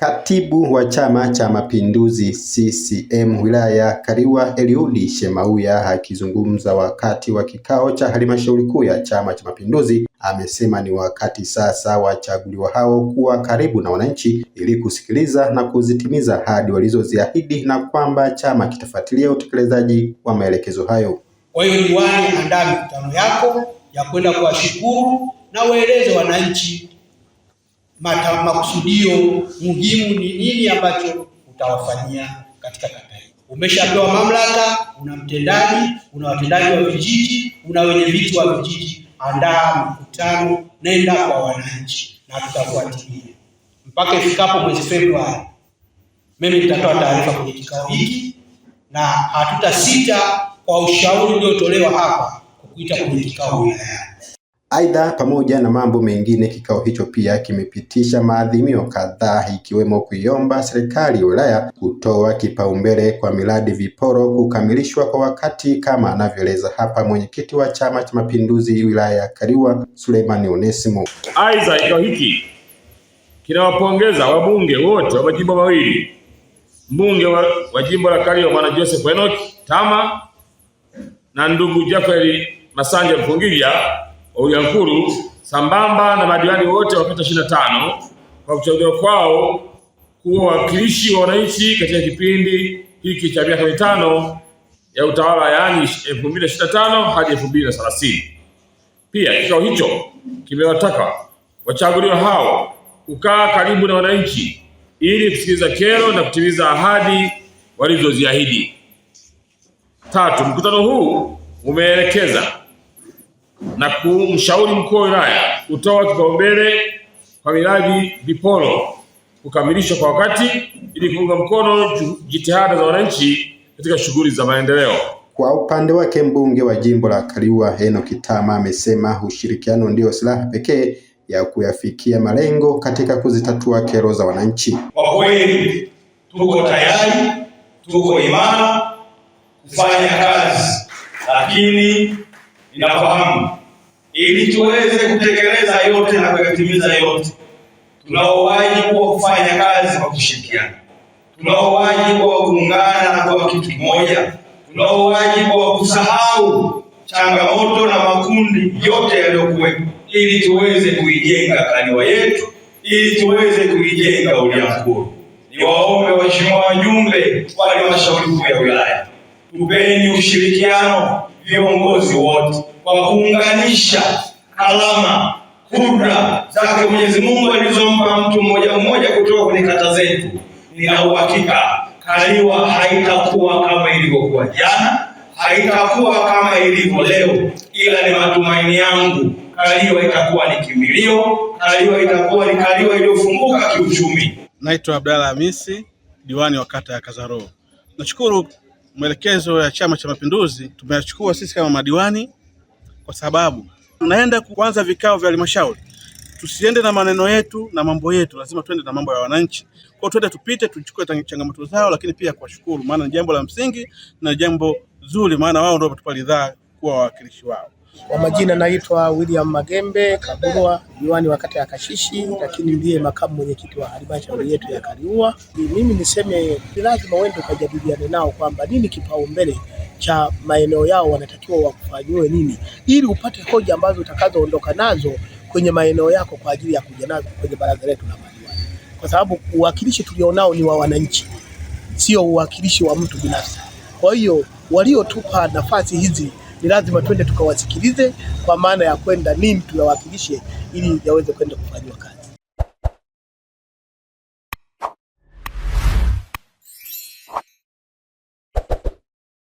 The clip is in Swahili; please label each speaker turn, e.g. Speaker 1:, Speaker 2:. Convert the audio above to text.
Speaker 1: Katibu wa Chama cha Mapinduzi CCM wilaya ya Kaliua Eliudi Shemauya akizungumza wakati wa kikao cha halmashauri kuu ya Chama cha Mapinduzi amesema ni wakati sasa wachaguliwa hao kuwa karibu na wananchi ili kusikiliza na kuzitimiza ahadi walizoziahidi na kwamba chama kitafuatilia utekelezaji wa maelekezo hayo.
Speaker 2: Kwa hiyo, diwani, andaa mikutano yako ya kwenda kuwashukuru na waeleze wananchi makusudio muhimu ni nini ambacho utawafanyia katika kata hii. Umeshapewa mamlaka, una mtendaji, una watendaji wa vijiji, una wenye viti wa vijiji. Andaa mkutano, nenda kwa wananchi na tutafuatilia mpaka ifikapo mwezi Februari. Mimi nitatoa taarifa kwenye kikao hiki na hatutasita kwa ushauri uliotolewa hapa kukuita kwenye kikao wilaya.
Speaker 1: Aidha, pamoja na mambo mengine, kikao hicho pia kimepitisha maadhimio kadhaa ikiwemo kuiomba serikali ya wilaya kutoa kipaumbele kwa miradi viporo kukamilishwa kwa wakati, kama anavyoeleza hapa mwenyekiti wa Chama cha Mapinduzi wilaya ya Kaliua Suleimani Onesimo.
Speaker 3: Aidha, kikao hiki kinawapongeza wabunge wote wa majimbo mawili, mbunge wa jimbo la Kaliua Bwana Joseph Enoch Tama na ndugu Jafari Masanja Mfungija Uyankuru sambamba na madiwani wote wa kata ishirini na tano kwa kuchaguliwa kwao kuwa wakilishi wa wananchi katika kipindi hiki cha miaka mitano ya utawala, yaani 2025 hadi 2030. Pia kikao hicho kimewataka wachaguliwa hao kukaa karibu na wananchi ili kusikiliza kero na kutimiza ahadi walizoziahidi. Tatu, mkutano huu umeelekeza na kumshauri mkuu wa wilaya kutoa kipaumbele kwa miradi vipolo kukamilishwa kwa wakati ili kuunga mkono jitihada za wananchi katika shughuli za maendeleo.
Speaker 1: Kwa upande wake mbunge wa jimbo la Kaliua Heno Kitama amesema ushirikiano ndio silaha pekee ya kuyafikia malengo katika kuzitatua kero za wananchi.
Speaker 4: Kwa kweli tuko tayari, tuko imara kufanya kazi, lakini inafahamu ili tuweze kutekeleza yote na kuyatimiza yote, tunao wajibu wa kufanya kazi kwa kushirikiana, tunao wajibu wa kuungana na kuwa kitu kimoja, tunao wajibu wa kusahau changamoto na makundi yote yaliyokuwepo, ili tuweze kuijenga kaliwa yetu, ili tuweze kuijenga Uliankuru. Niwaombe waheshimiwa wajumbe wa halmashauri kuu ya wilaya, tupeni ushirikiano viongozi wote kwa kuunganisha alama kudra zake Mwenyezi Mungu alizompa mtu mmoja mmoja kutoka kwenye kata zetu, nina uhakika Kaliwa haitakuwa kama ilivyokuwa jana, haitakuwa kama ilivyo leo, ila ni matumaini yangu Kaliwa itakuwa ni kimilio, Kaliwa itakuwa ni Kaliwa iliyofunguka kiuchumi.
Speaker 5: Naitwa Abdalla Hamisi, diwani wa kata ya Kazaroo. Nashukuru maelekezo ya Chama cha Mapinduzi tumeyachukua sisi kama madiwani, kwa sababu tunaenda kuanza vikao vya halmashauri. Tusiende na maneno yetu na mambo yetu, lazima tuende na mambo ya wananchi. Kwa hiyo tuende tupite, tuchukue changamoto zao, lakini pia kuwashukuru, maana ni jambo la msingi na jambo zuri, maana wao ndio watupa ridhaa kuwa wawakilishi wao.
Speaker 6: Kwa majina naitwa William Magembe Kaburwa, diwani wa kata ya Kashishi, lakini ndiye makamu mwenyekiti wa halmashauri yetu ya Kaliua. Mimi niseme ni lazima uende ukajadiliane nao kwamba nini kipaumbele cha maeneo yao, wanatakiwa wakufanyiwe nini, ili upate hoja ambazo utakazoondoka nazo kwenye maeneo yako kwa ajili ya kuja nazo kwenye baraza letu la madiwani, kwa sababu uwakilishi tulionao ni wa wananchi, sio uwakilishi wa mtu binafsi. Kwa hiyo waliotupa nafasi hizi ni lazima twende tukawasikilize, kwa maana ya kwenda nini tuyawakilishe ili yaweze kwenda kufanyiwa kazi.